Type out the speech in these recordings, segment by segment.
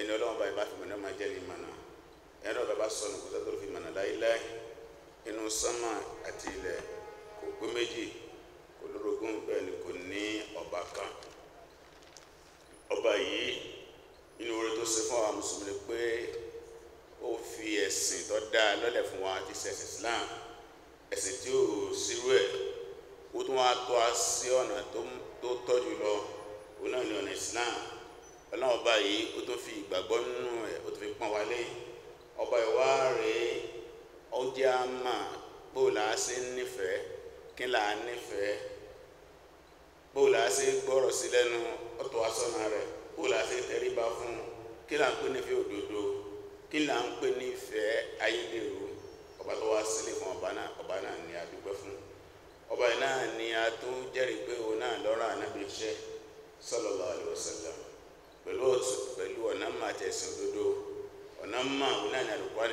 ẹni ọlọ́run bá ìbá fìmọ̀ náà máa jẹ́ ní ìmọ̀nà ẹni ọ̀gá bá sọnù kó sẹ́tọ̀ fi mọ̀nà láíláí inú sánmà àti ilẹ̀ kò pé méjì kò lórogún bẹ́ẹ̀ ni kò ní ọba kan ọba yìí nínú oore tó ṣe fún àwọn mùsùlùmí pé ó fi ẹ̀sìn tó dáa lọ́lẹ̀ fún wa ti ṣe ẹ̀sìn Islam ẹ̀sìn tí ò sírú ẹ̀ ó tún wá tọ́ a sí ọ̀nà tó tọ́jú lọ òun náà ni ọ̀nà Islam ọlọ́run ọba yìí ó tún fi ìgbàgbọ́ nínú ẹ̀ ó tún fi pọ́n wálé ọba ìwá rèé ó jẹ́ àmà bó làá ṣe nífẹ̀ẹ́ kí làá nífẹ̀ẹ́ bó làá ṣe gbọ́rọ̀ sí lẹ́nu ọ̀tọ̀ asọ́nà rẹ̀ bó làá ṣe tẹríba fún kí làá ń pè nífẹ̀ẹ́ òdodo kí làá ń pè nífẹ̀ẹ́ ayédèrú ọba tó wá ọba náà ọba náà ni a dúpẹ́ ọba náà ni a tún jẹ́rìí pé òun náà lọ́rọ̀ pẹ̀lú pẹ̀lú ọ̀nà mma àti ẹ̀sìn òdodo ọ̀nà mma òun náà ní Al-Qur'an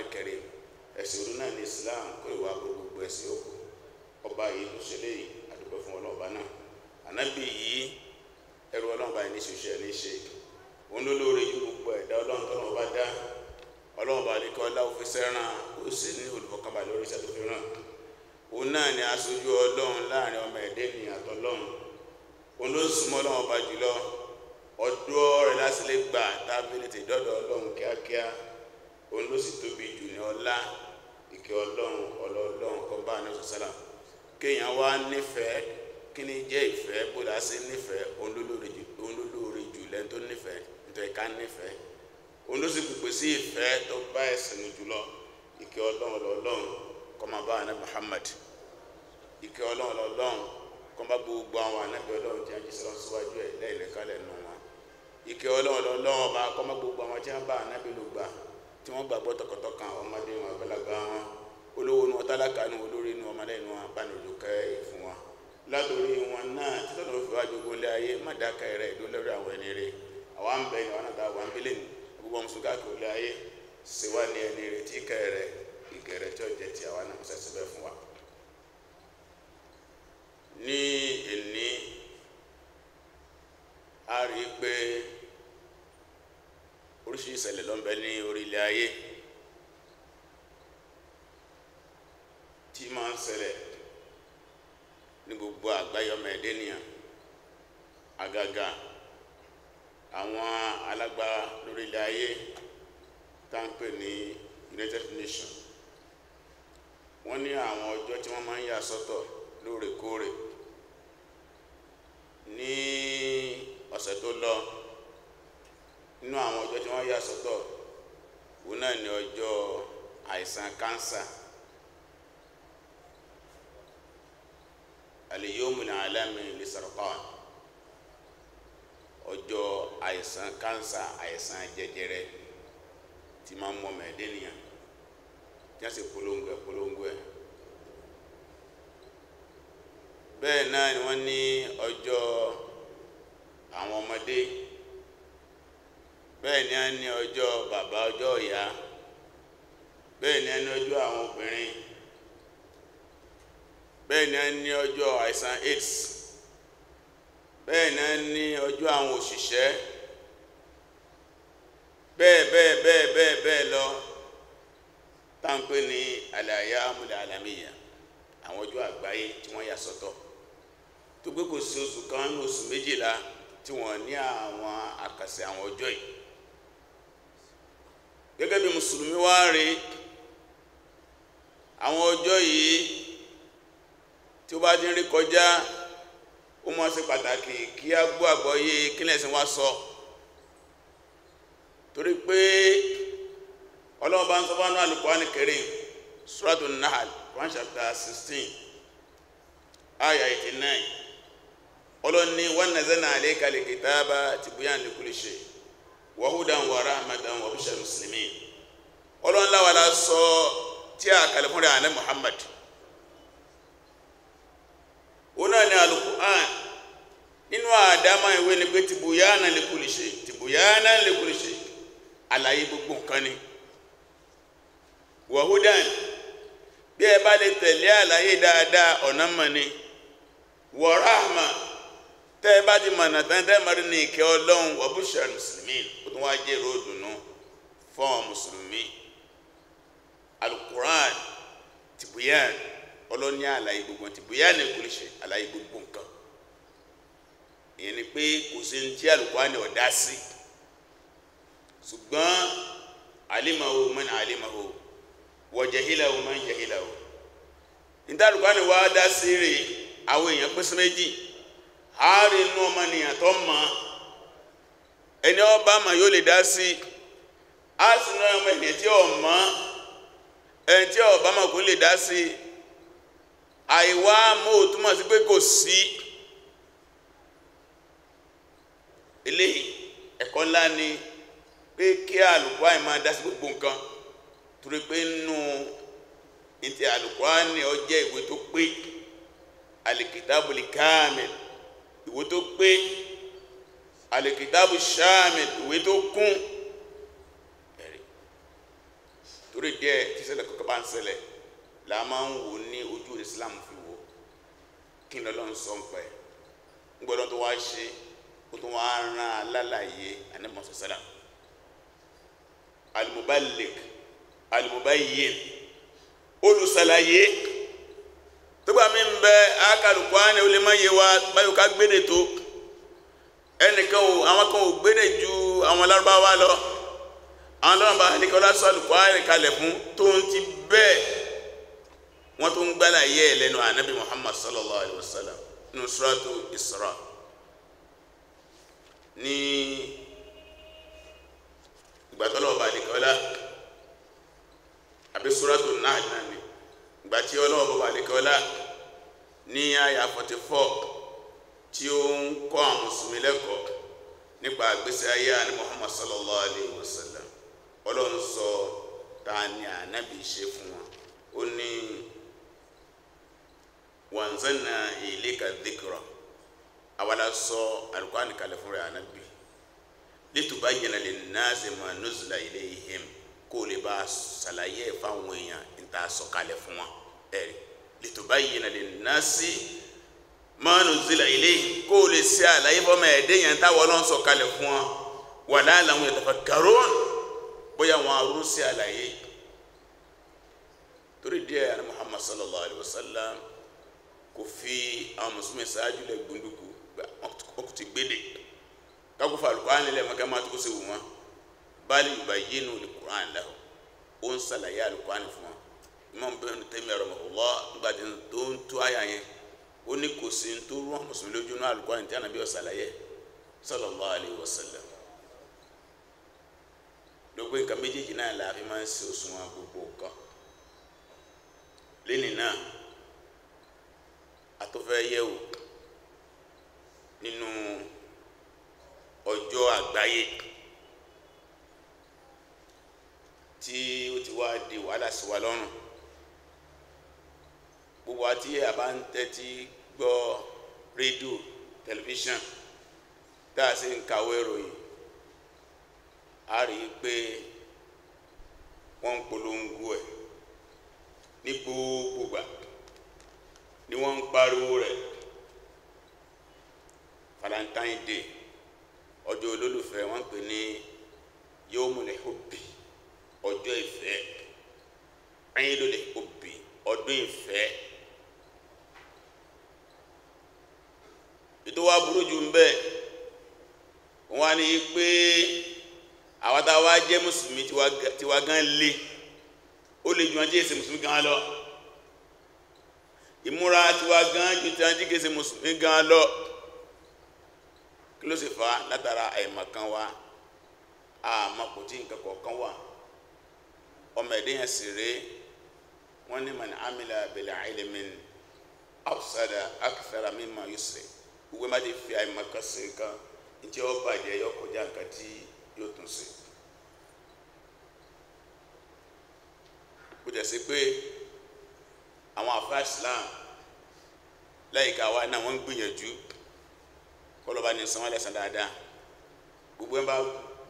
ẹ̀sìn òdodo náà ní Islam kó ìwà gbogbo ẹ̀sìn òkú ọba yìí ló ṣe léyìí àdúgbò fún ọlọ́ọ̀bá náà ànábì yìí ẹrú ọlọ́ọ̀bá yìí ní ṣoṣo ẹ̀ ní ṣe òun ló lóore ju gbogbo ẹ̀dá ọlọ́run tó dá ọlọ́run bá kọ́ ọdún ọ̀rẹ́ lásìlẹ̀ gbà tábìlì ti dọ́dọ̀ ọlọ́run kíákíá òun ló sì tóbi jù ní ọlá ìkẹ́ ọlọ́run ọlọ́run kan bá ní ọ̀sọ̀sálà kéèyàn wá nífẹ̀ẹ́ kí ni jẹ́ ìfẹ́ bó la ṣe nífẹ̀ẹ́ òun ló lóore jù lẹ́ni tó nífẹ̀ẹ́ nítorí ká nífẹ̀ẹ́ òun ló sì pèpè sí tó bá Muhammad máa gbogbo àwọn ike ọlọ́run lọ́lọ́run ọba kọ́mọ́ gbogbo àwọn tí wọ́n bá ànábì ló gbà tí ọmọdé wọn àgbàlagbà wọn olówó nu ọtálákà nu olórí nu ọmọdé abánilò fún wọn látòrí wọn náà títọ́nà òfin wájú gúnlé ayé má àwọn ẹni àwa ń ní gbogbo mùsùlùmí káàkiri olé ayé ṣèwá ní ẹni rẹ̀ tí oríṣiríṣi ìṣẹ̀lẹ̀ ló ń bẹ ní orílẹ̀ ayé tí máa ń ṣẹlẹ̀ ní gbogbo àgbáyé ọmọ ẹ̀dẹ́ nìyàn àgàgà àwọn alágbára lórílẹ̀ ayé tá ń pè ní United Nations wọ́n ní àwọn ọjọ́ tí wọ́n máa ń yà sọ́tọ̀ lóòrèkóòrè ní ọ̀sẹ̀ tó lọ. nínú àwọn ọjọ́ tí wọ́n yà sọ́tọ̀ òun náà ni ọjọ́ àìsàn kánsà al ala alami ọjọ́ àìsàn kánsà àìsàn jẹjẹrẹ tí máa ń mọ ọmọ tí polongo ẹ̀ polongo ẹ̀ bẹ́ẹ̀ náà ni wọ́n ní ọjọ́ àwọn ọmọdé. bẹ́ẹ̀ ni a ní ọjọ́ bàbá ọjọ́ ìyá bẹ́ẹ̀ ni a ní ọjọ́ àwọn obìnrin bẹ́ẹ̀ ni a ní ọjọ́ àìsàn AIDS bẹ́ẹ̀ ni a ní ọjọ́ àwọn òṣìṣẹ́ bẹ́ẹ̀ bẹ́ẹ̀ bẹ́ẹ̀ bẹ́ẹ̀ bẹ́ẹ̀ lọ táǹpé ní àlàyé múlẹ̀ àlàmìyà àwọn ọjọ́ àgbáyé tí wọ́n yà sọ́tọ̀ tó gbé kò sí oṣù kan ní oṣù méjìlá tí wọ́n ní àwọn àkàsẹ̀ àwọn ọjọ́ yìí gẹ́gẹ́ bí mùsùlùmí wá rí àwọn ọjọ́ yìí tí ó bá dín rí kọjá ó máa ṣe pàtàkì kí a gbọ́ àgbọ́yé kí lẹ́sìn wá sọ torí pé ọlọ́ọ̀bá ń sọ́bá náà Al-Qur'an Karim Suratul Nahl chapter sixteen, aya 89 ọlọ́ni wa nazzalna alayka al-kitaba tibyanan li kulli shay' wahudan wa rahmatan wa bishar muslimin ọlọ́run láwa la sọ tí a kalẹ̀ fúnra àlẹ́ muhammad òun náà ni alukur'an nínú àdámá ìwé ni pé tìbúyánà lè kulli shay tìbúyánà lè kulli shay àlàyé gbogbo nǹkan ni wahudan bí ẹ bá lè tẹ̀lé àlàyé dáadáa ọ̀nà mọ̀ ni wa rahma tẹ́ ẹ bá ti mọ̀nà tán ní ìkẹ́ ọlọ́run mùsùlùmí ó tún wá jẹ́ èrò ìdùnnú fún mùsùlùmí alukuran tìbúyàn ọlọ́ní àlàyé gbogbo tìbúyàn ní ìkúlẹ̀ṣẹ̀ àlàyé gbogbo nǹkan ìyẹn ni pé kò sí ní ṣùgbọ́n alimahu man alimahu wa jahilahu man ní tí alukuran wá dá sí rè àwọn ààrin inú ọmọnìyàn tó mọ̀ ẹni ọba ma yóò lè dá sí a sì ní ọmọ ènìyàn tí ọ mọ̀ ẹni tí ọba ma kò lè dá sí àìwá mọ́ ò túmọ̀ sí pé kò sí ilé ẹ̀kọ́ ńlá ni pé kí àlùkùránì àìmá dá sí gbogbo nǹkan torí pé nínú ìtì àlùkùránì ni ó ìwé tó pé alìkìtàbùlì káàmìlì ìwé tó pé alìkìtàbù shamil ìwé tó kún ẹ̀rí torí díẹ̀ tí ṣẹlẹ̀ kọ́kọ́ bá ń ṣẹlẹ̀ la máa ń wò ní ojú Islam fi wò kí n lọ́lọ́ ń sọ pẹ́ ń gbọ́dọ̀ tó wá ṣe ó tó wá rán alálàyé anamọ̀sọ̀ sẹ́lá al olùsàlàyé tógbà mi ń bẹ ákàlùkù ánì ó lè má yé wa báyò ká gbédè tó ẹnìkan ò àwọn kan ò gbédè ju àwọn lárúbáwá lọ àwọn lọ́nà bá nìkan lásán àlùkù ánì kalẹ̀ fún tó ń ti bẹ́ẹ̀ wọ́n tó ń gbálà yẹ ẹ̀ lẹ́nu ànábì Muhammad sallallahu alayhi wa sallam nínú suratu Isra ní ìgbàtọ́lọ́ọ̀bá nìkan lá àbí suratu Nahl náà ni ìgbà tí ọlọ́wọ́ bọ̀bà lẹ́kọ́lá ní àyà 44 tí ó ń kọ́ àwọn mùsùlùmí lẹ́kọ̀ọ́ nípa àgbésí ayé àní Muhammad sallallahu alayhi wa sallam ọlọ́run sọ ta ni ànábì ṣe fún wọn ó ní wanzanna ilayka dhikra awala sọ Al-Qur'an kalẹ̀ fún rẹ̀ ànábì litubayyana linnasi ma nuzila ilayhim kó lè bá ṣàlàyé fáwọn èèyàn ń sọ̀kalẹ̀ fún wọn ẹ̀rí eh, litubayyina linnasi ma nuzila ilayhim kó o lè ṣe àlàyé fọ́mọ ẹ̀dẹ́ yẹn táwọn ọlọ́run sọ kalẹ̀ fún ọ wà la'allahum yatafakkarun bóyá wọn arú sí àlàyé torí díẹ̀ àná Muhammad sallallahu alayhi wa sallam kò fi àwọn mùsùlùmí ṣáájú lẹ̀ gbóndùkú ọkùn ti gbélé kákòfà alukóran lẹ̀ mọ́ká máa tó kó sí wù wọn bal yubayyinu alukóran lahu ó ń ṣàlàyé alukóran fún wọn imam ibn Taymiyyah rahimahullah nígbà tó ń tú àyà yẹn ó ní kò sí tó rú àwọn mùsùlùmí lójú náà Al-Qur'an tí Ànábì ọ̀sàlàyé sallallahu alayhi wa sallam lópin nǹkan méjèèjì náà la fi máa ń ṣe òṣùwọ̀n gbogbo nǹkan lẹ́nìí náà atọ́fẹ́ yẹ̀wò nínú ọjọ́ àgbáyé tí ó ti wá di wàhálà sí wa lọ́rùn gbogbo àti àbá ń tẹ́tí gbọ́ rédíò tẹlifíṣàn tá a sì ń kàwé ìròyìn a rí i pé wọ́n ń polongo ẹ̀ ní gbogbogbà ni wọ́n ń pariwo rẹ̀ valentine day ọjọ́ olólùfẹ́ wọ́n ń pè ní yomule hobby ọjọ́ ìfẹ́ ayélujára hobby ọdún ìfẹ́. burú jù ń bẹ̀ wọ́n ní pé àwọn táwa jẹ́ mùsùlùmí tiwa gan lé ó lè jù wọn jẹ́ èsè mùsùlùmí gan lọ ìmúra tiwa gan jù tí wọn jẹ́ èsè mùsùlùmí gan lọ kí ló sì fa látara àìmọ̀ kan wa àmọ́ tí nǹkan kọ̀ọ̀kan wà ọmọ ẹ̀dẹ́yàn sì rèé wọ́n ní man amila bil ilmin afsada akthara mimma yusri gbogbo má lè fi àìmọ̀ kan sí nǹkan ǹjẹ́ ọba bàjẹ́ yọ kọjá tí yóò tún si kò jẹ́ sí pé àwọn wa gbìyànjú kọlọba ní sanwó gbogbo ẹ̀ bá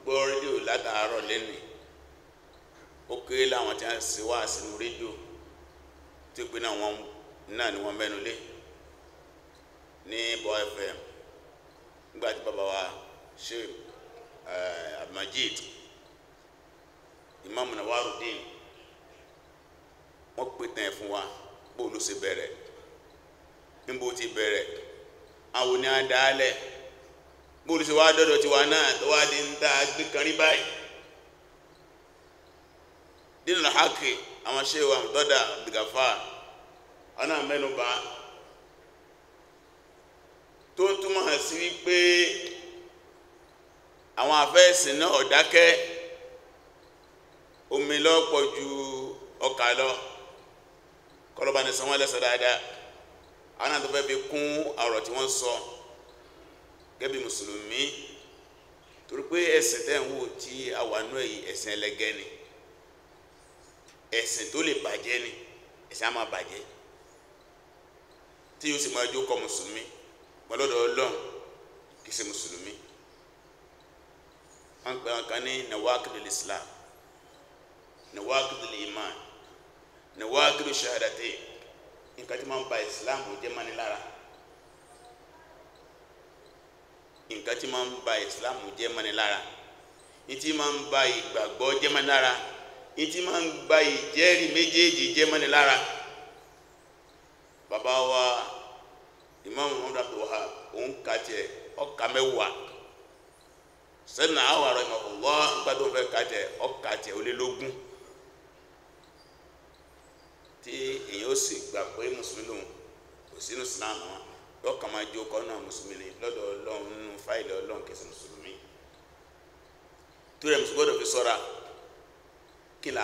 gbọ́ rédíò látàárọ̀ ó láwọn tí wá sínú rédíò náà ni ní bọ́ fm nígbà tí bàbá wa sheikh eh, abdulmajid imam nawarudin wọ́n pè tán ẹ̀ fún wa bó ló ṣe bẹ̀rẹ̀ níbo ti bẹ̀rẹ̀ àwọn ni a dálẹ̀ bó ló ṣe wá dọ́dọ̀ tiwa náà tó wá di ń dá gbé kan rí báyìí nínú hàkì àwọn tó túmọ̀ sí wípé àwọn àfẹ́ẹ̀sìn náà ọ̀dákẹ́ omi lọ́pọ̀ ju ọkà lọ kọlọ́bà ní sanwó ẹlẹ́sẹ̀ dáadáa àwọn àti fẹ́ fi kún ọ̀rọ̀ tí wọ́n sọ gẹ́bí mùsùlùmí torí pé ẹ̀sìn tẹ́ ń wò tí àwọnú èyí ẹ̀sìn ẹlẹ́gẹ́ ni ẹ̀sìn tó lè bàjẹ́ ni ẹ̀sìn á máa bàjẹ́ tí yóò sì máa jó mùsùlùmí ṣùgbọ́n lọ́dọ̀ ọlọ́run kì í ṣe mùsùlùmí wọ́n ń pè wọn kan ní nawakidul islam nawakidul iman nawakidul shahadate nǹkan tí máa ba islam jẹ́ mọ́ni lára nǹkan tí máa ba islam jẹ́ mọ́ni lára ìtí máa ń ba ìgbàgbọ́ jẹ́ mọ́ni lára ìtí máa ba ìjẹ́rìí méjèèjì jẹ́ mọ́ni lára bàbá wa. imam muhammad abdul òun ka ọka mẹ́wàá sẹ́nà àwọn ará ìmọ̀ ọ̀lọ́ gbàdúrà ka ọka tiẹ̀ ó lógún tí èyàn ó sì gbà pé mùsùlùmí lòun kò sínú islam wọn lọ́ọ̀kà jó kọ́nà mùsùlùmí ni lọ́dọ̀ ọlọ́run nínú fáìlì ọlọ́run mùsùlùmí fi kí là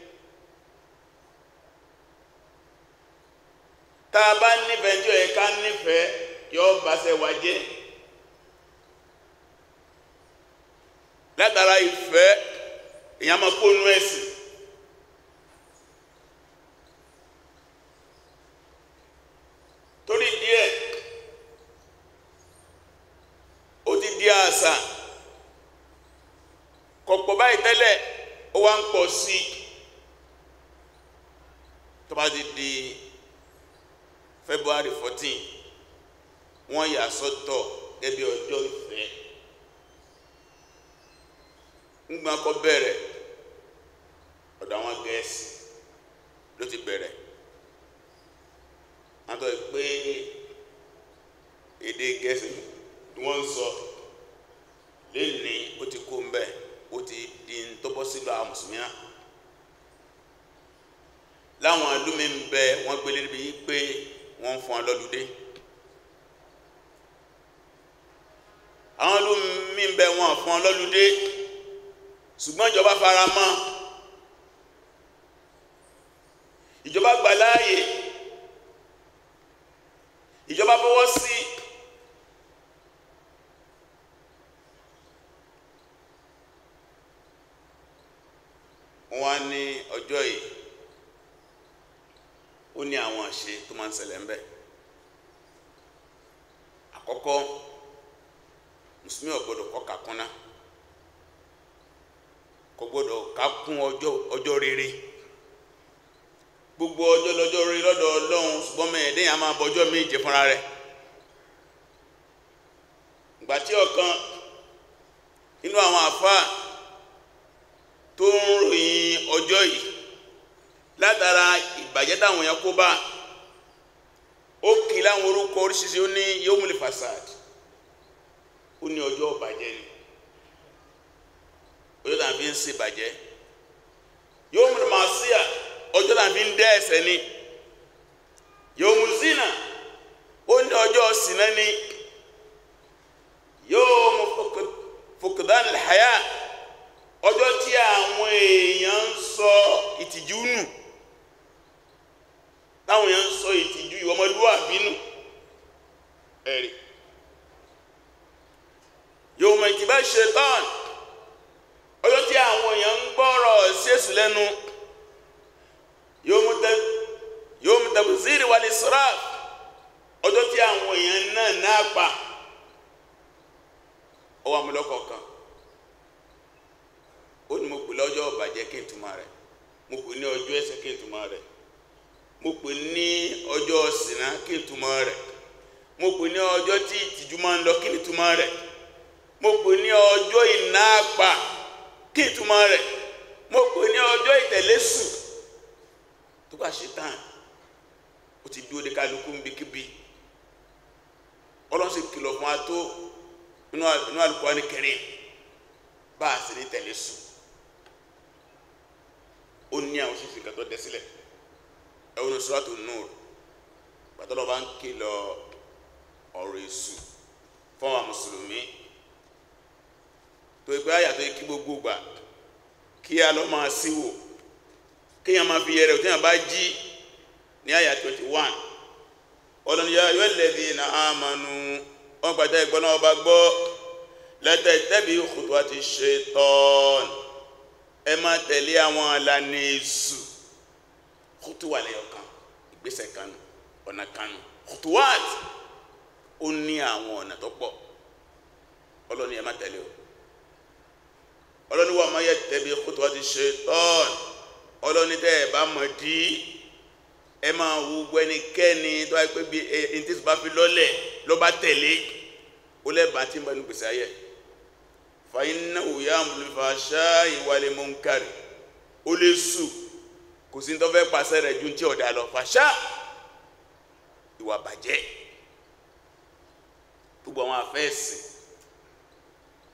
tá a bá nífẹ̀ẹ́ tí ó yẹ ká nífẹ̀ẹ́ yọ bàṣẹ wà jẹ́ látara ìfẹ́ èèyàn máa kó nú ẹ̀sìn torí díẹ̀ ó ti di àṣà kọ̀pọ̀ báyìí tẹ́lẹ̀ ó wá ń pọ̀ sí tó bá ti di. February fourteen wọ́n yà sọ́tọ̀ gẹ́gẹ́ ọjọ́ ìfẹ́ ńgbà kọ́ bẹ̀rẹ̀ ọ̀dọ̀ àwọn Gẹ̀ẹ́sì ló ti bẹ̀rẹ̀ àtọ̀ pé èdè Gẹ̀ẹ́sì ni wọ́n ń sọ lẹ́ni ó ti kó ń bẹ̀ ó ti di ń tọ́bọ́ sílò àwọn mùsùlùmí náà láwọn ìlú mi ń bẹ wọ́n gbélé níbi yí pé wọ́n ń fún ọ lọ́lùdé àwọn olùmí ń bẹ wọn fún ọ lọ́lùdé ṣùgbọ́n ìjọba fara mọ́ ìjọba gbà láàyè ìjọba fọwọ́ sí wọn ní ọjọ́ yìí ń ṣe tó máa ń ṣẹlẹ̀ ń bẹ̀ àkọ́kọ́ mùsùlùmí ò kò gbọ́dọ̀ ká kún ọjọ́ rere gbogbo ọjọ́ lọ́jọ́ rere lọ́dọ̀ Ọlọ́run ṣùgbọ́n a máa bọjọ́ míì jẹ fúnra rẹ̀ ìgbà tí ọ̀kan nínú àwọn ó kì nwere láwọn orúkọ oríṣiríṣi ó ní yomul fasad ó ní ọjọ́ ni ọjọ́ fi ń ṣe ìbàjẹ́ yomul masiya ọjọ́ tàn fi ń dẹ́ ni yomul zina ó ní ọjọ́ sinna ni yomu fukudan lihaya ọjọ́ tí àwọn èèyàn táwọn ya ń sọ ìtìjú ìwọ ọmọlúwàbí nù ẹ̀rì yóò mọ ìtìbá ṣetán ọjọ́ tí àwọn èèyàn ń gbọ́rọ̀ ṣéṣù lẹ́nu yóò mú tẹ̀bùsírì wà ní sọ́rà ọjọ́ tí àwọn èèyàn náà náà pa ọwọ́ àmúlọ́kọ̀ kan ó ní mo pè lọ́jọ́ ọ̀bàjẹ́ kí n túmọ̀ rẹ̀ mo pè ní ọjọ́ ẹ̀ṣẹ̀ kí n túmọ̀ rẹ̀ mo pè ní ọjọ́ kí ni túmọ̀ rẹ̀ mo pè ní ọjọ́ tí ìtìjú máa ń lọ kí ni túmọ̀ rẹ̀ mo pè ní ọjọ́ iná àpà kí ni túmọ̀ rẹ̀ mo pè ní ọjọ́ ìtẹ̀lẹ́sù tó bá ṣe tán ti dúró de kálukú níbikíbi ọlọ́sìn kìlọ̀ fún wa tó inú bá a sì ní ó ní àwọn tó dẹ sílẹ̀. ẹwọn sọ́tò nùr gbàtọ́lọ́ bá ń kìlọ̀ ọ̀rọ̀ èṣù fún àwọn mùsùlùmí tó ìgbé àyàtọ̀ kí gbogbo gbà kí a lọ́ máa síwò kí a máa fi yẹrẹ òtí àbá jí ní àyà 21 ọlọ́niyà yóò lẹ́bí na àmànù wọn gbàtà ìgbọ́n náà bá gbọ́ lẹ́tẹ̀ tẹ́bí kùtù àti ṣe tọ́ọ̀nù ẹ máa tẹ̀lé àwọn ìlànà èṣù kótóà lẹ́yọ kan ìgbésẹ̀ kanu ọ̀nà kanu kótóàt ó ní àwọn ọ̀nà tó pọ̀ ọlọ́ni ẹ̀ má tẹ̀lé o ọlọ́ni wà máa yẹ tẹ̀bi kótóàti ṣaitan ọlọ́ni tẹ́ ẹ̀ bá mọ̀ dí ẹ máa wo gbẹnikẹ́ni tó wáyé pé bí ẹni tí bá fi lọ́lẹ̀ ló bá tẹ̀lé ó lẹ́bàá tí ń bá inú gbèsè ayẹ fàyín náà wòye àmúlùfàṣà ìwà lè mú nkàrí ó lè sùn kò sí tó fẹ́ pàṣẹ rẹ̀ ju tí ọ̀dà lọ fàṣà ìwà bàjẹ́ gbogbo àwọn afẹ́ẹ̀sì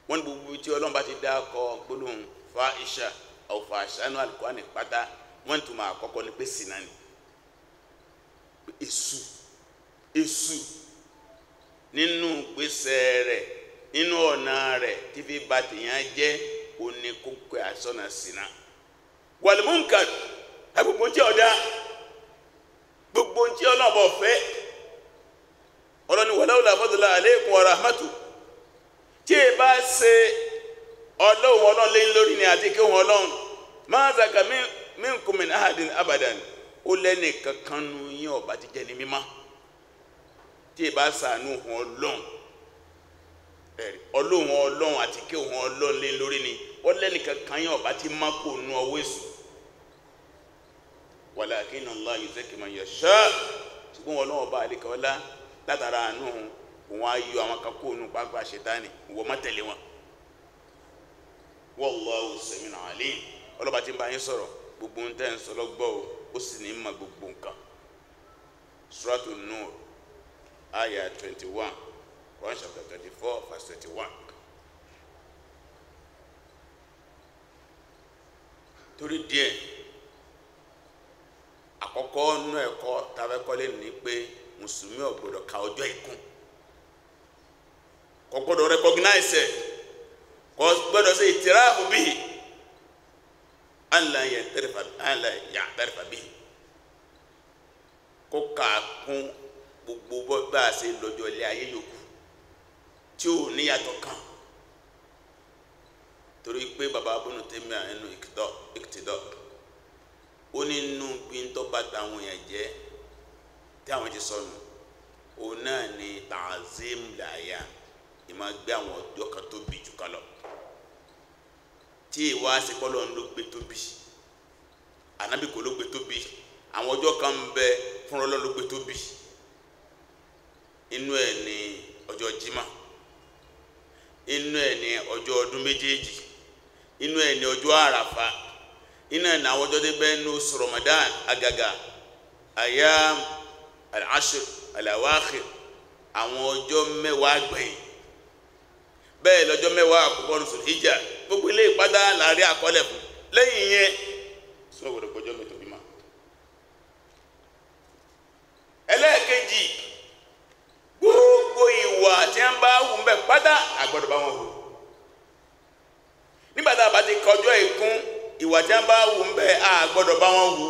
wọ́n ní gbogbo tí ọlọ́run bá ti dá kọ gbólóhùn fa iṣà ọ̀fà àṣánú àlùkọ́ni pátá wọ́n tún máa kọ́kọ́ ní pé sinna ni èṣù èṣù nínú gbèsè rẹ̀ nínú ọ̀nà rẹ̀ tí fi ba tèèyàn jẹ́ òní kókó àsọ̀nà sinna wàlúmùkàdù gbogbo ń tí ọ̀dá gbogbo ń tí ọlọ́ọ̀bọ̀ fẹ́ ọlọ́ni wàláwùlà fọ́dúnlá àlékún ọ̀rọ̀ àmàtù tí ẹ bá ṣe ọlọ́run ọlọ́run lẹ́yìn lórí ni àti kí wọn ọlọ́run máa zàkà mí nkùn mi náà àdín abadan ó lẹ́nì kankan nu yín ọba ti jẹ́ ní mímọ́ tí ẹ bá ṣàánú wọn ọlọ́run ọlọ́run ọlọ́run àti kí wọn ọlọ́run lórí ni ó lẹ́nì kankan yín ọba ti má kó nu ọwọ́ èṣù walakin ake na man yasha ṣùgbọ́n wọn náà bá alẹ́ kọ́lá látara àánú òun àwọn ònú pápá ṣètánì wọ́n má tẹ̀lé wọn. wallahu sami'un alim ọlọ́ba ti ń bá yín sọ̀rọ̀ gbogbo ń tẹ́ ń sọ lọ́gbọ́ o ó sì gbogbo nǹkan. aya twenty one àkọ́kọ́ nínú ẹ̀kọ́ tàbẹ́kọ́lé ní pé mùsùlùmí ka ọjọ́ ìkún kò gbọ́dọ̀ recognize kò gbọ́dọ̀ ṣe ìtìráàfù bíi ala yẹ ka ala gbogbo bá a ṣe lọ́jọ́ ilé ayé yòókù tí kan torí pé baba tẹ́mi ó ní inú pin tó bá tàwọn èèyàn jẹ́ tí àwọn ti sọnù òun náà ni ta'azim làyà ìmọ̀ gbé àwọn ọjọ́ kan tóbi jù lọ tí ìwà àṣepọ́lọ́ ló gbé tóbi anabiko ló gbé tóbi àwọn ọjọ́ kan ń bẹ fúnra ló gbé tóbi inú ẹ̀ ni ọjọ́ jimá inú ẹ̀ ni ọjọ́ ọdún méjèèjì inú àràfà iná làwọn ọjọ́ tó bẹ́ẹ̀ nù Ramadan agaga ayam al-ashr al-awakhir àwọn ọjọ́ mẹ́wàá gbẹ̀yìn bẹ́ẹ̀ lọ́jọ́ mẹ́wàá àkọ́kọ́ nùsùn ìjà gbogbo ilé ìpadà láàrin àkọọ́lẹ̀ fún lẹ́yìn yẹn sún ọ̀gbọ̀dọ̀ gbọ́jọ́ mẹ́tò bímọ. ẹlẹ́ẹ̀kejì gbogbo ìwà tí wọ́n bá wù mẹ́ pátá àgbọ̀dọ̀ bá wọn wò nígbà tá a bá ti kọjọ́ ìkún ìwà tí wọ́n bá wù ń bẹ́ a gbọ́dọ̀ bá wọn wù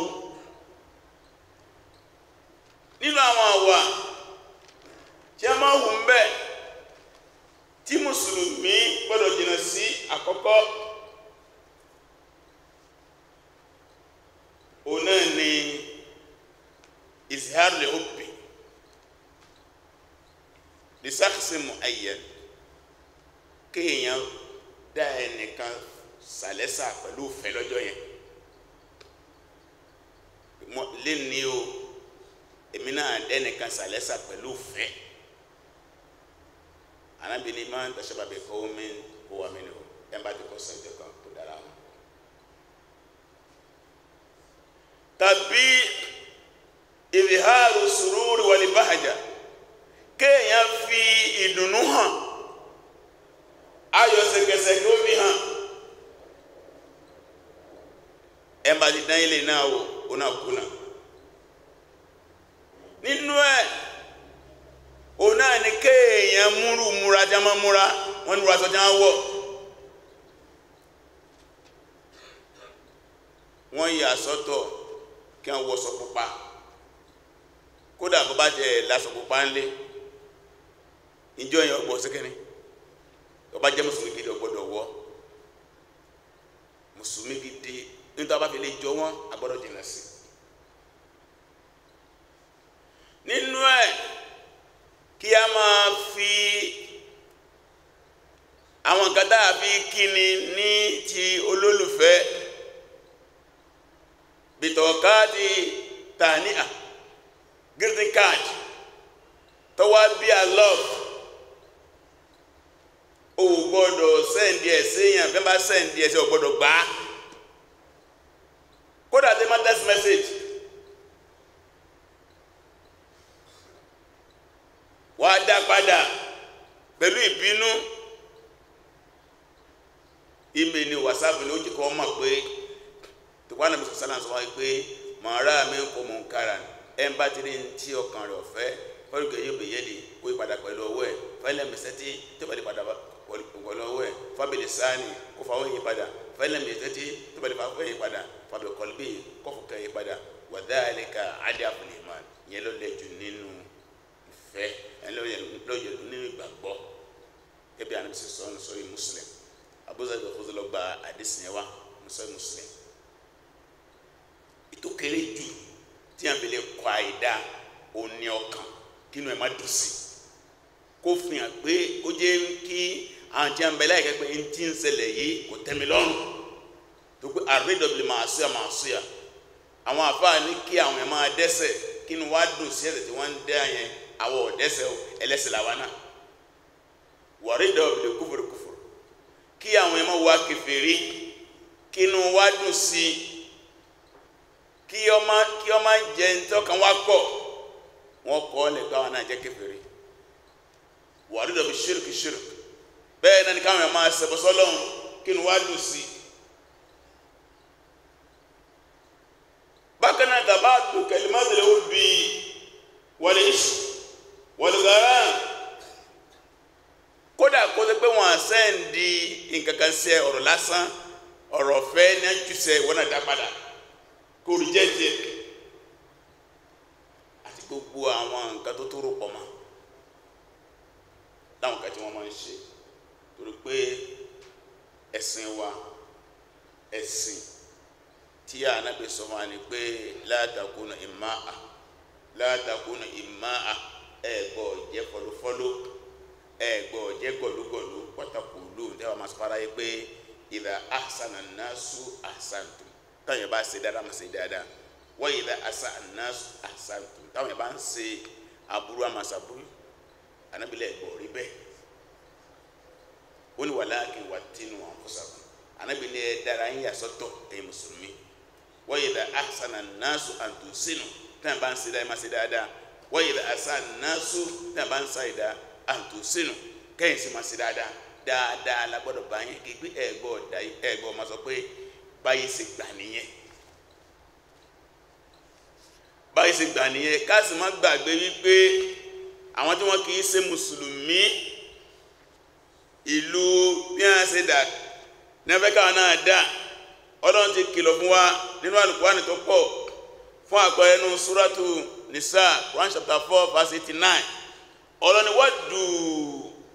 nínú àwọn àwà tí wọ́n máa wù ń bẹ́ tí mùsùlùmí gbọ́dọ̀ jìnà sí àkọ́kọ́ òun náà ni izhar le hubbi li shakhsin kéèyàn dá ẹnìkan sàlẹ́sà pẹ̀lú ìfẹ́ lọ́jọ́ yẹn lẹ́ni o èmi náà dẹ́nìkan sàlẹ́sà pẹ̀lú ìfẹ́ anabini máa ń tẹ̀sẹ̀ bàbá ẹ̀kọ́ omi kó wà mí ni o ẹ̀ ń bá ti kọ́ sọ̀jọ̀ kan kó dára wọn. tàbí ìrìhàrù sùúrù wal bahja kéèyàn fi ìdùnnú hàn ayọ̀ ṣẹ̀kẹ̀ṣẹ̀kẹ̀ ó fi hàn. ẹ bá ti dán ilé náà wò ó náà kùnà nínú ẹ̀ ó náà ní kéèyàn múrù múra jámọ́ múra wọ́n ní wàásọ jámọ́ wọ̀ wọ́n yà sọ́tọ̀ kí wọ́n wọṣọ pupa kódà bó bá jẹ́ lásọ pupa ńlé ìjọ yẹn ọgbọ sẹkẹrin ọba jẹ́ mùsùlùmí gidi ọgbọ́dọ̀ wọ̀ mùsùlùmí gidi nítorí a bá fi lè jọ wọn a gbọ́dọ̀ jìnnà sí nínú ẹ̀ kí a máa fi àwọn nǹkan tá a fi kíni ní ti olólùfẹ́ bìtọ̀káàdì tàníà greeting card tó bí a love o gbọ́dọ̀ sẹ́ndì ẹ̀ sí èèyàn bí ẹ̀ sí o gbọ́dọ̀ gbà Go to message. Wàá dá padà pẹ̀lú ìbínú email ni whatsapp ni ó jẹ́ kọ́ mọ̀ pé tìwánà bí sọ́sánà sọ wáyé pé màárà mi ń kó mọ̀ ń ẹ̀ ń di kó ìpadà pẹ̀lú ọwọ́ ẹ̀ fẹ́lẹ́ mi tí ó padà pẹ̀lú ọwọ́ ẹ̀ fábìlì sáà kó fa òun yìí padà fẹlẹ mi tẹ́tí tó bá lè fa òun yìí padà fàbẹ̀ kọ́lbí kọ́fù kẹ́ yìí padà wàdáàlíkà àdàbòlè mà yẹn ló lẹ́jù nínú ìfẹ́ yẹn ló lẹ́jù nínú ìgbàgbọ́ ẹbí anamísẹ sọ́ọ́nù sọ́ọ́yì mùsùlùm abúzá ìgbàkúzọ́ lọ gba àdísìnyẹ wa sọ́ọ́yì mùsùlùm ìtòkèrè jù tí ẹ̀ má dùn sí kó fi hàn pé ó àwọn tí a ń bẹ láyé kẹ́kẹ́ ń tí ń ṣẹlẹ̀ yìí kò tẹ́mi lọ́rùn tó pé àrídọ̀bìlì màá sí à màá sí à àwọn àfáà ní kí àwọn ẹ̀ máa dẹ́ṣẹ̀ kí ni wàá dùn sí ẹ̀ṣẹ̀ tí wọ́n ń dẹ́ àyẹn àwọn ọ̀dẹ́ṣẹ̀ ẹlẹ́ṣẹ̀ làwa náà wàrídọ̀bìlì kúfùrù kúfùrù kí àwọn ẹ̀ máa wá kèfèrí kí ni wàá dùn sí kí ọmọ kí ọmọ jẹ ntọ́kan wá kọ̀ wọ́n kọ́ ọ́ lẹ́gbàá wọn náà jẹ́ kèfèrí wàrídọ̀bìlì ṣírùkì ṣírùkì bẹ́ẹ̀ náà ni káwọn èèyàn máa ṣẹ̀bọ̀ sọ́lọ́run kí ni wàá dùn sí i bákan náà tàbá dùn kẹlímọ́tìlẹ̀ ó bi wọlé iṣu wọlé gara kódà kó tó pé wọn àṣẹ́ǹdì nǹkan kan ṣe ọ̀rọ̀ lásán ọ̀rọ̀ ọ̀fẹ́ ní àjùṣe ìwọ náà dá padà kó rí jẹ́ àti gbogbo àwọn nǹkan tó tó rò pọ̀ mọ́ láwọn kan wọ́n máa ń ṣe. torí pé ẹ̀sìn wa ẹ̀sìn tí Ànábì sọ máa ní pé la takunu imma'a la ẹ̀gbọ́ jẹ́ fọlúfọlú ẹ̀gbọ́ jẹ́ gọ̀lúgọ̀lú pátákó máa fara yìí pé idha ahsana nasu táwọn yẹn bá ṣe dáadáa máa ṣe dáadáa idha an-nasu ahsantum táwọn yẹn bá ń ṣe aburú àmàṣàbúrú rí ó ní wàláàkì wà tínú anfusakum anábì ní ẹ dára ń yà sọ́tọ̀ ẹ̀yin mùsùlùmí wa idha ahsana an-nasu an tusinu tẹ́ ẹ̀ bá ń ṣe dáa ẹ̀ máa ṣe dáadáa wa idha asa'an nasu tẹ́ ẹ̀ bá ń sa ìdá an tusinu kẹ́yìn sì máa ṣe dáadáa dáadáa la gbọ́dọ̀ bá yẹn kí pé ẹ̀gbọ́ ọ̀dà ẹ̀gbọ́ ọmọ sọ pé báyìí ṣe gbà nìyẹn báyìí ṣe gbà nìyẹn ká má gbàgbé wípé àwọn tí wọ́n kì í ṣe mùsùlùmí ìlú bí a ṣe dà nẹ́fẹ́ká náà dà ọlọ́run ti kìlọ̀ fún wa nínú àlùkùránì tó pọ̀ fún àpẹẹrẹ nínú súrátù nìsá Quran chapter four verse eighty nine ọlọ́ni wá dù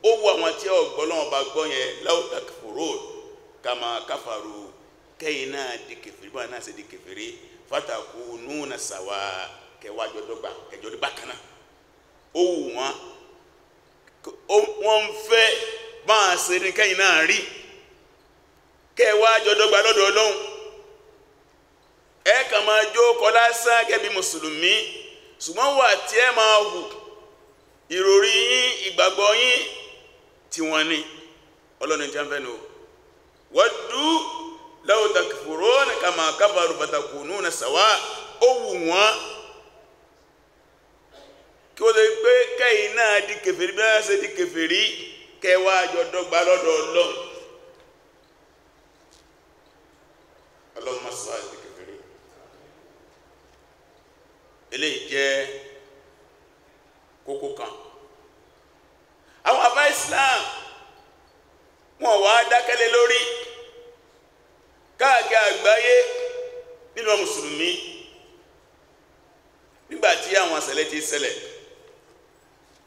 ó wù àwọn tí ọ̀gbọ́n lọ́wọ́ bá gbọ́ yẹn láwùjọ takfuru kàmá káfàrú kẹ́yìn náà di kẹfìrí náà ṣe di bá a ṣe ní kẹ́yìn náà rí kẹwàá jọdọ́gba lọ́dọ̀ ọlọ́run ẹ kàn máa jó kọ lásán gẹ́bí mùsùlùmí ṣùgbọ́n wà tí ẹ máa hù ìròrí yín ìgbàgbọ́ yín tí wọ́n ní ọlọ́run tí wọ́n fẹ́ nù sawa ó wù wọ́n kí wọ́n lè pé kẹ́yìn kẹwàá àjọ dọ́gba lọ́dọ̀ ọlọ́run ọlọ́run máa sọ àti kékeré eléyìí jẹ́ kókó kan àwọn àbá Islam wọn wá dákẹ́lẹ́ lórí káàkiri àgbáyé nínú mùsùlùmí nígbàtí àwọn àṣẹlẹ̀ ti ṣẹlẹ̀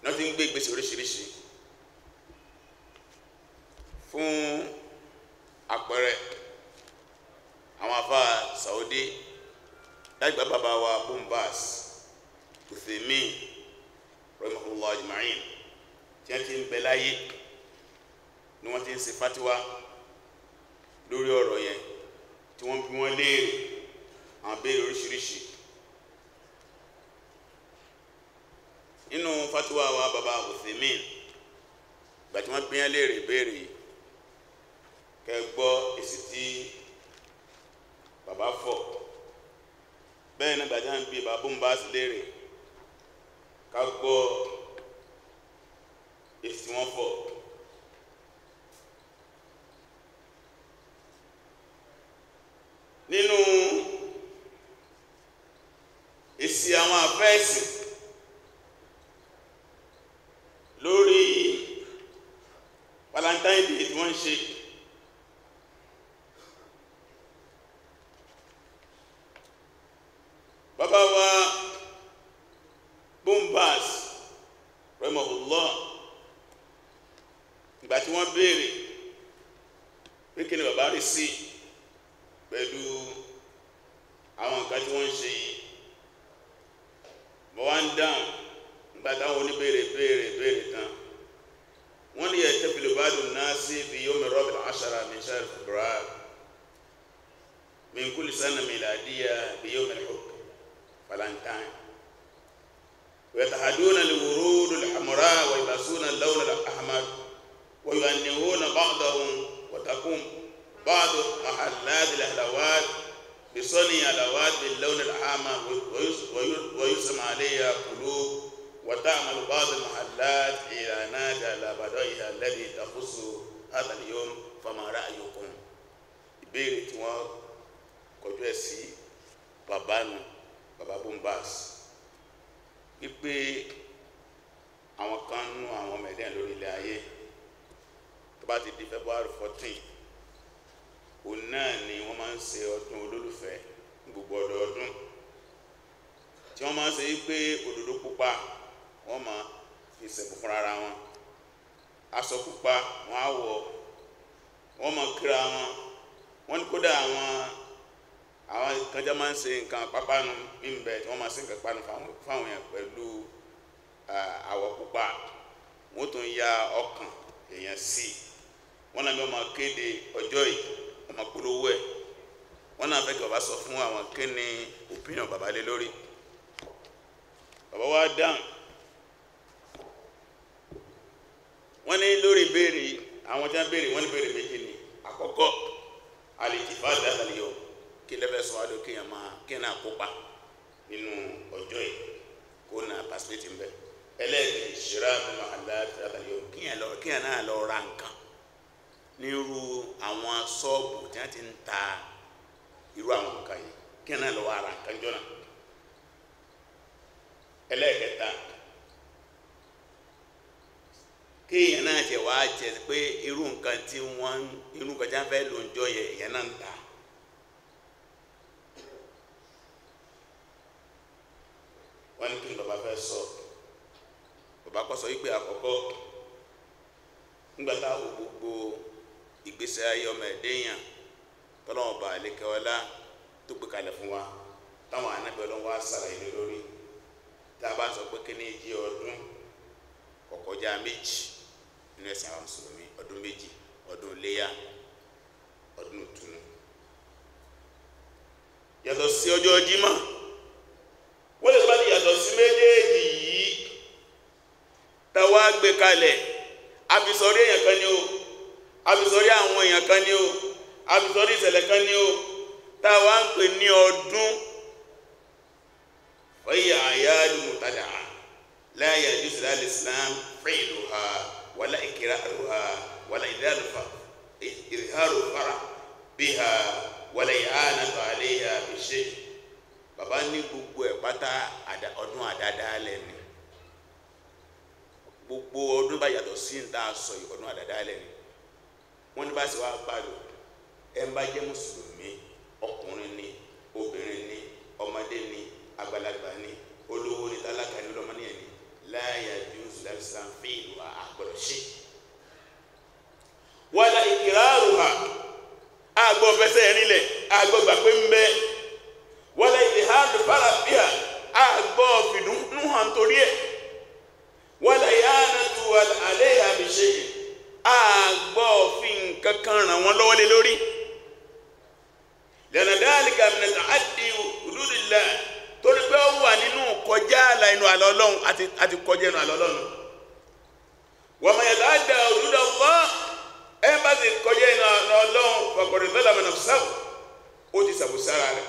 náà ti ń gbé ìgbésẹ̀ oríṣiríṣi fún àpẹẹrẹ àwọn afá Saudi lágbà bàbá wa bombas kùsèmí rahimahullah ajma'in tí wọ́n ti ń bẹ láyé ni wọ́n ti ń ṣe fatiwa lórí ọ̀rọ̀ yẹn tí wọ́n bí wọ́n léèrè àwọn béèrè oríṣiríṣi nínú fatiwa wa bàbá kùsèmí gbàtí wọ́n bí wọ́n léèrè béèrè yìí kẹ́ gbọ́ èsì tí bàbá fọ̀ bẹ́ẹ̀ náà gbàjá ń bí bàbá ń bá sí léèrè ká gbọ́ èsì tí fọ̀ nínú èsì àwọn àfẹ́ẹ̀sì lórí valentine day tí wọ́n ń ṣe nígbà táwọn oníbèrè béèrè béèrè tán wọ́n ní ẹ̀tẹ́ bilibadu náà sí ibi yóò mẹ́rọ́ bí aṣara mi ṣáàrì fúbúrá mi kú lisana miladiya bi yóò mẹ́rọ́ valentine ويتحدون الورود الحمراء ويلبسون اللون الأحمر ويغنون بعضهم وتقوم بعض محلات الأهلوات بصنع ألوات باللون الأحمر ويسمى عليها قلوب وتعمل بعض المحلات إلى نادى على بدائها الذي تخص هذا اليوم فما رأيكم ìbéèrè tí wọ́n kọjú ẹ̀ sí bàbá nù bàbá bombas wípé kan nú lori di February fourteen òun náà ni wọ́n máa ń ṣe ọdún olólùfẹ́ gbogbo ọdọọdún tí máa ń pupa wọ́n máa fi sẹ̀bù fúnra ara wọn aṣọ pupa wọ́n á wọ̀ wọ́n máa kíra wọn wọ́n ní kódà àwọn àwọn kanjá máa ń ṣe nǹkan pápánu mímbẹ̀ tí wọ́n máa ṣe nǹkan pápánu fáwọn èèyàn pẹ̀lú àwọ̀ pupa wọ́n tún ya ọkàn èèyàn sí i wọ́n náà bí wọ́n máa kéde ọjọ́ yìí wọ́n máa polówó ẹ̀ wọ́n náà fẹ́ kí bàbá sọ fún àwọn kíni opinion bàbá lé lórí bàbá wa dáhùn wọ́n ní lórí ìbéèrè àwọn tí wọ́n béèrè wọ́n ní béèrè méjì ni àkọ́kọ́ àlejìfà dàgbàlẹ́yọ kí lẹ́fẹ̀ẹ́ sọ adó kí yẹn máa kí náà kópa nínú ọjọ́ yìí kó náà pàṣípẹ́tì ń bẹ̀ ẹlẹ́ẹ̀kejì ṣìṣẹ́ra àlá dàgbàlẹ́yọ kí náà ra nǹkan nírú àwọn ṣọ́ọ̀bù tí wọ́n ti ń ta irú àwọn nǹkan yìí kí yẹn náà lọ kéèyàn náà ṣe wá jẹ pé irú nǹkan tí wọ́n irú nǹkan tí lò ń jọ yẹ náà ń kí ni bàbá sọ bàbá kọ́ sọ wípé àkọ́kọ́ nígbà wo gbogbo ìgbésẹ̀ ayé ọmọ ẹ̀dẹ́yàn bá tó gbé wa táwọn sàlàyé lórí tá a bá sọ pé kí ni iye ọdún nínú ẹ̀sìn àwọn mùsùlùmí ọdún méjì ọdún iléyà ọdún òtúnu yàtọ̀ sí ọjọ́ jímọ̀ wọ́n lè sọ bá ti yàtọ̀ sí méjèèjì yìí táwa gbé kalẹ̀ àfisọ̀rí èèyàn kan ni o àfisọ̀rí àwọn èèyàn kan ni o àfisọ̀rí ìṣẹ̀lẹ̀ kan ni o táwa ń pè ní ọdún ọ̀yà àyà lùmùtàdà láyà jùsùlá lè sàn fẹ́ ìlú ha wala ikiraruha wala idharufa idharu fara biha wala i'anatu alayha bi shay bàbá ní gbogbo ẹ̀ pátá ọdún àdáadáa lẹ́ni gbogbo ọdún bá yàtọ̀ sí ní tá a sọ yìí ọdún àdáadáa lẹ́ni wọ́n ní bá sì wá gbàdùn ẹ̀ ń bá jẹ́ mùsùlùmí ọkùnrin ni obìnrin ni ọmọdé ni àgbàlagbà ni olówó ni tálákà ni ọlọ́mọ ní láyà jùsù lẹ́sàn fíìlù àgbọ̀dọ̀ ṣe. wàlà ìkìrààrù hà àgbọ̀ fẹsẹ̀ rinlẹ̀ àgbọ̀ gbà pé ń bẹ wàlà ìdìhàdù fàlàfíà àgbọ̀ fìdúnú hàn torí ẹ̀ wàlà ìyáàna tu àlẹ́ àbíṣe àgbọ̀ fi nǹkan kan ràn torí pé ó wà nínú kọjá àlà inú àlọ́ ọlọ́run àti kọjá inú àlọ́ ọlọ́run wọ́n mọ̀ yẹ̀dá àdá òdúdà wọ́n ẹ̀ bá ti kọjá inú àlọ́ ọlọ́run ọ̀pọ̀lọpọ̀ lọ́làmọ̀nà sáwọ́ ó ti sàbòsára rẹ̀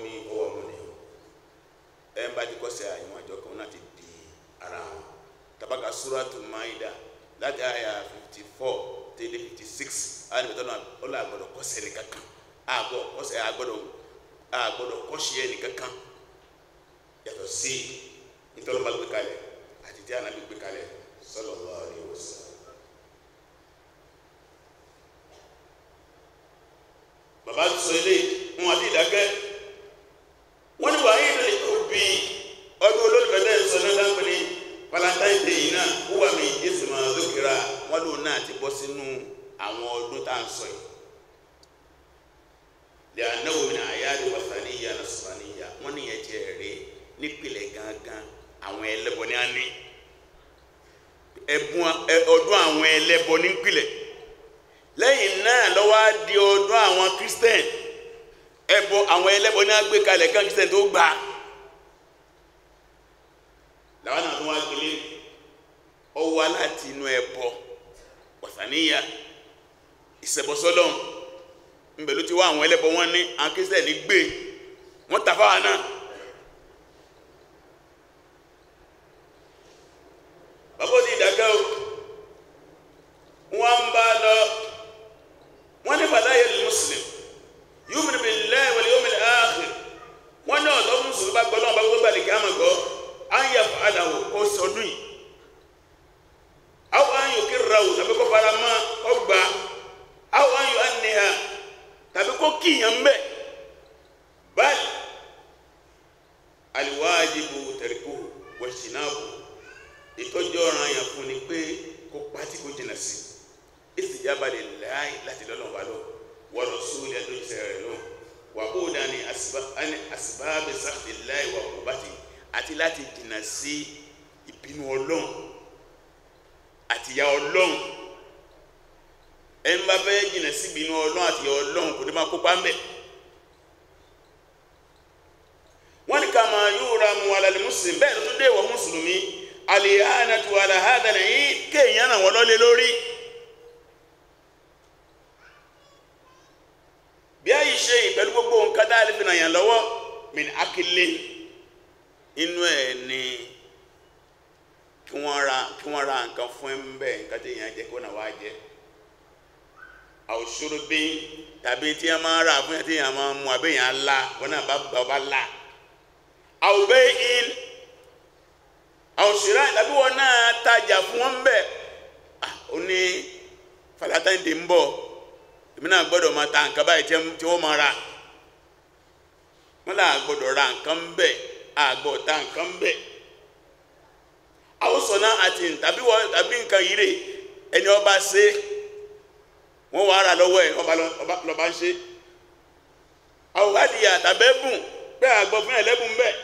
ẹ bá ti kọsẹ̀ àyẹ̀wò àjọ kan di ara wọn tabaka suratu maida láti àyà fifty four tẹ̀lé fifty six àyà nígbà tó náà ó lọ àgbọ̀dọ̀ kọsẹ̀ ní kankan àgbọ̀ kọsẹ̀ àgbọ̀dọ̀ àgbọ̀dọ̀ kọsẹ̀ sí nítorí bá gbé àti tí gbé baba sọ eléyìí wọn àti ìdákẹ́. gbé kalẹ̀ kan kí sẹ́ni tó gbà làwọn náà tó wá gbélé ọ wá láti inú ẹbọ wàsàníyà ìṣẹ̀bọ̀sọ́lọ́hún ńbẹ̀ ló ti wá àwọn ẹlẹ́bọ wọn ní àwọn kí sẹ́ni gbé wọ́n tàfáà náà aliwájibu tẹ̀ríkù wẹ̀ṣìnàbù ìtọ́jú ọ̀ràn yẹn fún ni pé kó pátí kó jìnà sí ìsìjába lè láì láti lọ́lọ́wọ́ wa lọ wọ́rọ̀ sóòlì ẹ̀dọ́jìṣẹ́ rẹ̀ lọ wà bó dání àsìbáàbẹ̀ sáfì láì wà kó bá ti àti láti jìnà sí ìbínú ọlọ́run àtìyá ọlọ́run ẹ̀ ń bá fẹ́ jìnà sí ìbínú ọlọ́run àtìyá ọlọ́run kò dé máa kópa ń bẹ̀. huramu ala muslim bẹ́ẹ̀ ló tún dé ìwọ mùsùlùmí alihanatu ala hadali kéèyàn náà wọ́n lọ́lé lórí. bí a yìí ṣe ìpẹ̀lú gbogbo nǹkan tá lè fi nà yàn lọ́wọ́ min inú ni kí wọ́n ra kí wọ́n ra nǹkan fún bẹ́ẹ̀ nǹkan tí èèyàn jẹ́ a máa ra tí èèyàn máa mú la wọn náà bá bá la. aw bay'in aw shira' wọn náà fún wọn bẹ ah, ó ní falata ti ń bọ̀ èmi náà máa ta nǹkan báyìí tí wọ́n máa ra wọ́n náà ra nǹkan ta nǹkan bẹ́ẹ̀ aw sana'atin tàbí nǹkan yìí rè ẹni ọba ṣe wọ́n wàá rà ọba ń ṣe àwòrán ìyá tàbẹ́bùn pé àgbọ̀ fún bẹ́ẹ̀.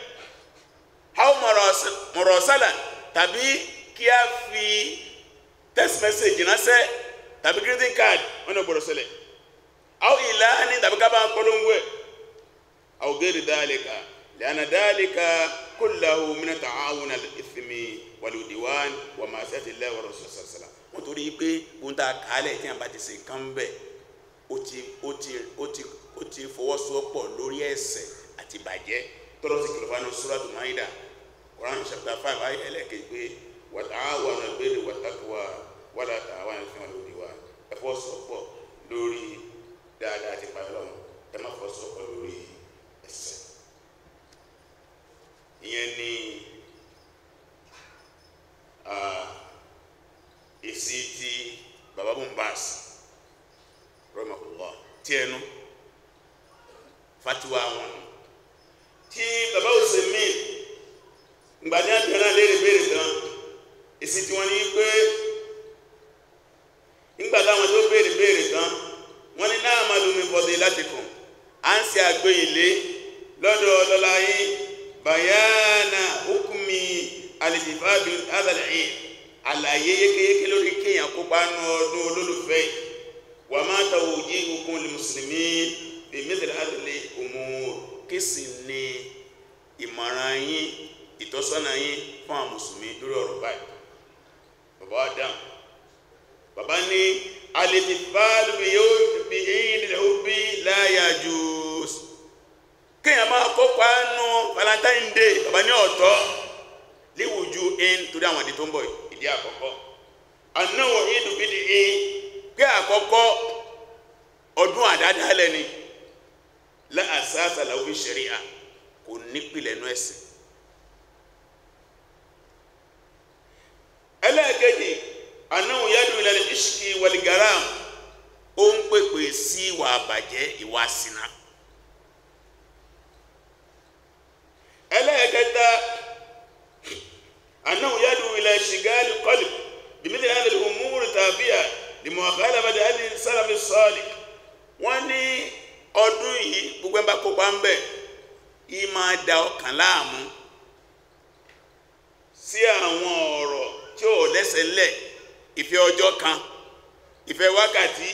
aw mọ̀rọ̀sálà tàbí kí a fi text message ránṣẹ́ tàbí greeting card ọ̀nà gbọ́dọ̀ ṣẹlẹ̀ aw ìlànà tàbí ká bá ń polongo ẹ̀ aw gẹ́rì dáàlẹ́ka lẹ́nà dáàlẹ́ka kullahu min ta'awun al-ithmi wal-udwan wa ma'siyati llahi wa rasul sallallahu wọ́n torí pé wọ́n ta kàálẹ̀ tí a bá ti ṣe nǹkan bẹ́ẹ̀ ó ti ó ti fọwọ́sowọ́pọ̀ lórí ẹ̀ṣẹ̀ àti bàjẹ́ tọ́lọ́sì kìlọ̀fà ní Suratul Maida Quran chapter five ayé ẹlẹ́kẹ̀ẹ́ pé àwọn àgbélé wàtàkùwà wàlá àwọn ẹ̀fín wọn lòdì wa ẹ fọ́ sọ́pọ̀ lórí dáadáa ti pa ẹlọ́run ẹ má fọ́ sọ́pọ̀ lórí ẹsẹ̀ ìyẹn ni èsì ti baba bumbas rọmọkùnlọ tiẹ̀ nu fatiwa wọn tí baba Usaimin. ìgbàdí àtẹ̀lá léèrè béèrè tán èsì tí wọ́n ní pé nígbà táwọn tó béèrè béèrè tán wọ́n ní náà máa lómi bọ́dé láti kàn á ń ṣe àgbéyìnlé lọ́dọ̀ ọlọ́lá yín bàyánà okùnmi alìsìfáàbí adàlẹ́yìn àlàyé yékéyéké lórí kéèyàn kópa nù ọdún olólùfẹ́ wà máa tàwọn òjì ìhùkún lè mùsùlùmí bí mẹ́tẹ̀lá ni ìmọ̀ràn yín ìtọ́sọ́nà yín fún àwọn mùsùlùmí lórí ọ̀rọ̀ báyìí bàbá wa dáhùn bàbá ní alìtìfàálù bí ìlẹ̀ òbí láyà jùs kíyàn máa kópa nù valentine day bàbá ní ọ̀tọ̀ líwùjú in torí àwọn àdì tó ń bọ̀ ìdí àkọ́kọ́ anáwọ̀ ìdù bí di in pé àkọ́kọ́ ọdún àdádálẹ̀ ni láàsásà làwọn ìṣẹ̀ríà kò nípìlẹ̀ nú ẹ̀sìn ẹlẹ́ẹ̀kejì anáwó yẹ́dù ilẹ̀ ìṣìkì wẹ̀lìgàràm ó ń pèpè sí ìwà àbàjẹ́ ìwà sinà ẹlẹ́ẹ̀kẹta anáwó yẹ́dù ilẹ̀ ìṣìgáàlì kọ́lì bìmílì ẹ̀dù umúrù tàbíà lèmọ̀ àkàlẹ̀ bàdé ẹ̀dì sálàmì sọ́ọ̀lì wọ́n ní ọdún yìí gbogbo ẹ̀ bá kópa ń bẹ̀ yìí máa da láàmú ẹsẹ̀ ńlẹ̀ ìfẹ́ ọjọ́ kan ìfẹ́ wákàtí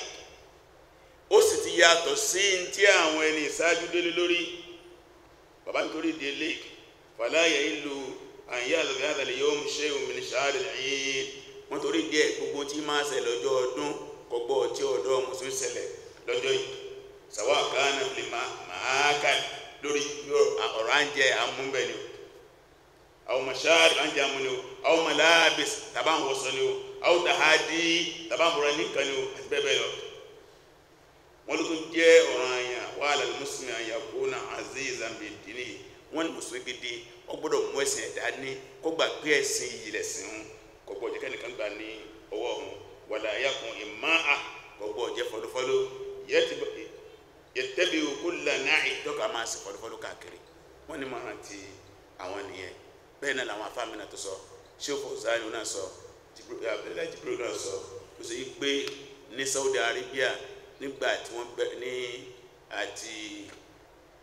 ó sì ti yàtọ̀ sí tí àwọn ẹni ìsáájú délé lórí bàbá nítorí délé fàláyà ìlú àyíyá àlàlẹ̀ yóò mú ṣe òmìnir ṣáàrì ayé wọ́n torí díẹ̀ gbogbo tí máa ṣẹ lọ́jọ́ ọdún kọgbọ́ tí ọ̀dọ́ mùsùlùmí ṣẹlẹ̀ lọ́jọ́ yìí sàwọn àkáànà lè máa kà lórí ọ̀rọ̀ à ń jẹ àmúbẹ̀ni o aw masharib an jamu ni o aw malabis taba n wọṣọ ni o aw tahadi taba n bọra ni nkan ni o àti bẹ́ẹ̀ bẹ́ẹ̀ lọ. wọ́n ló tún jẹ́ ọ̀ràn yẹn wà á lẹ́nu mùsùlùmí àyàkó na azizan bi dini wọ́n ní mùsùlùmí gidi ó gbọ́dọ̀ mú ẹ̀sìn ẹ̀dá ní kó gbà pé ẹ̀sìn yìí lẹ̀sìn ń kó gbọ́dọ̀ jẹ́ kẹ́nìkan gbà ní ọwọ́ ọ̀hún wàlà ayakun ìmáà kó gbọ́dọ̀ jẹ́ fọlọ́fọlọ́ yẹtẹ́bi òkú lànà ìdọ́kà máa ṣe fọlọ́fọlọ́ káàkiri wọ́n ní mọ̀ràn ti àwọn nìyẹn bẹ́ẹ̀ náà làwọn afáàmì náà tó sọ ṣéfò zainu náà sọ eh, abdullahi jibril náà sọ tó sọ yìí ní Saudi Arabia nígbà tí wọ́n bẹ ní àti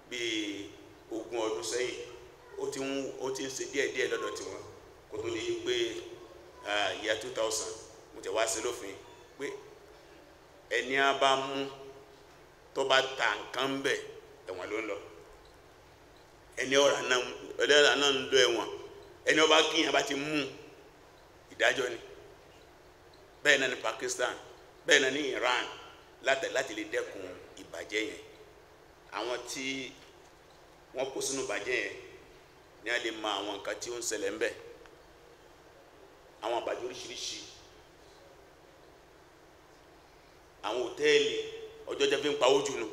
bíi ogún ọdún sẹ́yìn ó ti ń ó ti ń ṣe díẹ̀díẹ̀ lọ́dọ̀ tiwọn kó tó di pé ìyá two thousand mo tẹ̀ wá sí lófin pé ẹni a bá mú tó bá ta nǹkan ń bẹ̀ ẹ̀wọ̀n ló ń lọ ẹni ọ̀rà náà ń lọ ẹ̀wọ̀n ẹni ọba kíyàn bá ti mú ìdájọ́ ni bẹ́ẹ̀ náà ní Pakistan bẹ́ẹ̀ náà ní Iran láti lè dẹ́kun ìbàjẹ́ yẹn àwọn tí wọ́n kó sínú ìbàjẹ́ yẹn ni a lè mọ àwọn nǹkan tí ó ń ṣẹlẹ̀ ń bẹ̀ àwọn àbájọ oríṣiríṣi àwọn òtẹ́ẹ̀lì ọjọ́ jẹ́ fi ń pawó jù nù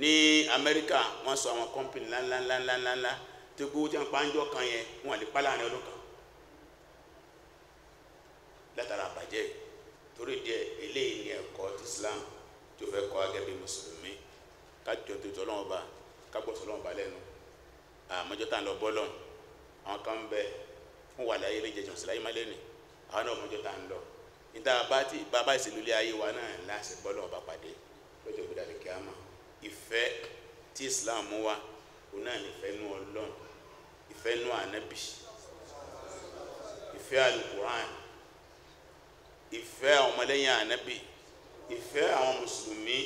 ní Amẹ́ríkà wọ́n sọ àwọn kọ́mpìnì ńláńláńláńláńlá tó gbé owó tí wọ́n pa ń jọ kan yẹn wọ́n lè pa láàrin ọdún kan látara àbàjẹ́ torí díẹ̀ eléyìí ni ẹ̀kọ́ ti Islam tí o fẹ́ kọ́ agẹ́ bíi mùsùlùmí kájọ tó tọ́ lọ́wọ́ bá kágbọ́ tó lọ́wọ́ bá lẹ́nu àmọ́jọ́ tá à ń lọ bọ́ lọ́n àwọn kan ń bẹ fún wà láyé lè jẹjọ síláyé má lẹ́nu àwọn náà mọ́jọ́ tá à ń lọ níta bá ti bàbá ìṣèlúlé ayé wa náà láti bọ́ lọ́wọ́ bá pàdé lọ́jọ́ gbọdọ̀ àlè kíámà ìfẹ́ tí Islam mú wa òun náà nífẹ̀ẹ́ nú Ọlọ́run ìfẹ́ nú ànábì ìfẹ́ alukuran ìfẹ́ àwọn ọmọlẹ́yìn ànábì ìfẹ́ àwọn mùsùlùmí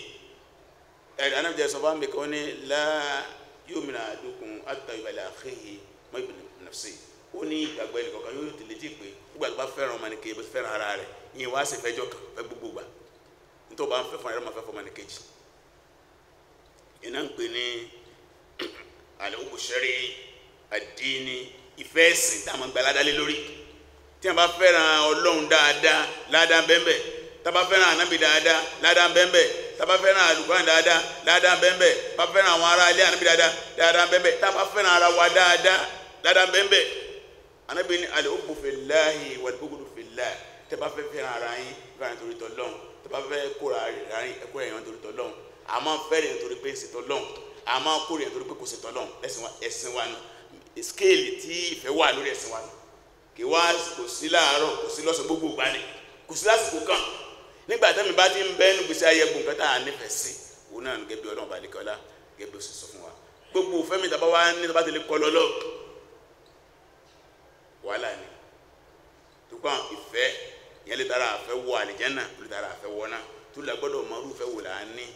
ẹ̀rẹ̀ ànábì jẹ́ sọ́bá ń bè kọ́ ní la yu'minu ahadukum hatta yuhibba akhihi ma yuhibbu nafsihi ó ní ìgbàgbọ́ ẹnì kọ̀ọ̀kan yóò tèlé tí pé gbogbo àgbà fẹ́ràn ọmọ nìkejì bó ti fẹ́ràn ara rẹ̀ ìyẹn wá sí fẹ́jọ́ kan fẹ́ gbogbo gbà nítorí bá ń fẹ́ fún ẹ̀rọ máa fẹ́ fún ọmọ nìkejì ìná ń pè ní al-hubbu shar'i àdínì ìfẹ́ ẹ̀sìn táwọn gba ládálé lórí tí a bá fẹ́ràn ọlọ́run dáadáa ládàá bẹ́ẹ̀bẹ́ tá a bá fẹ́ràn ànábì dáadáa ládàá bẹ́ẹ̀bẹ́ tá a bá fẹ́ràn àlùkùránì dáadáa ládàá bẹ́ẹ̀bẹ́ tá a bá fẹ́ràn àwọn ará ilé ànábì dáadáa ládàá bẹ́ẹ̀bẹ́ tá a bá fẹ́ràn ara wa dáadáa ládàá bẹ́ẹ̀bẹ́ ànábì ní al-hubbu fillahi wal-bughdu fillah tẹ́ bá fẹ́ fẹ́ràn ara yín fẹ́ràn torí t'Ọlọ́run tẹ́ bá fẹ́ kóra rárìn ẹ̀kọ́ fẹ́ràn torí pé ń scale tí ìfẹ́ wà lórí ẹ̀sìn wa kì wá kò sí láàárọ̀ kò sí lọ́sàn gbogbo ìgbà ni kò sí lásìkò kan nígbà tẹ́mi bá ti ń bẹ́ nu gbèsè ayẹgun nǹkan tá à nífẹ̀ẹ́ sí òun náà gẹ́gẹ́ bí ọlọ́run bá nìkan ọlá gẹ́gẹ́ bí ó sì sọ fún wa gbogbo fẹ́mi tàbá wa ní tàbá tẹ̀lé kọ́ lọ́lọ́ wàhálà ni tukọ̀ ìfẹ́ yẹn lè tara àfẹ́ wọ àlìjánà lè tara àfẹ́ wọ náà tó la gbọ́dọ̀ mọ irúfẹ́ wò là ní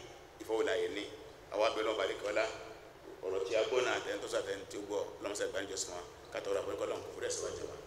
ìfẹ́ wò là yẹn ní àwa bẹ́ẹ̀ náà bá nìkan ọ̀rọ̀ tí a gbọ́ náà àtẹ̀ntọ́sọ àtẹ̀ntì gbọ́ lọ́mọsẹ̀ gbàǹjọ́sọ wọn kátó ọ̀rọ̀ àpẹẹrẹ kọ́ lọ́nkọ́ fúrẹ́sì wájú wa.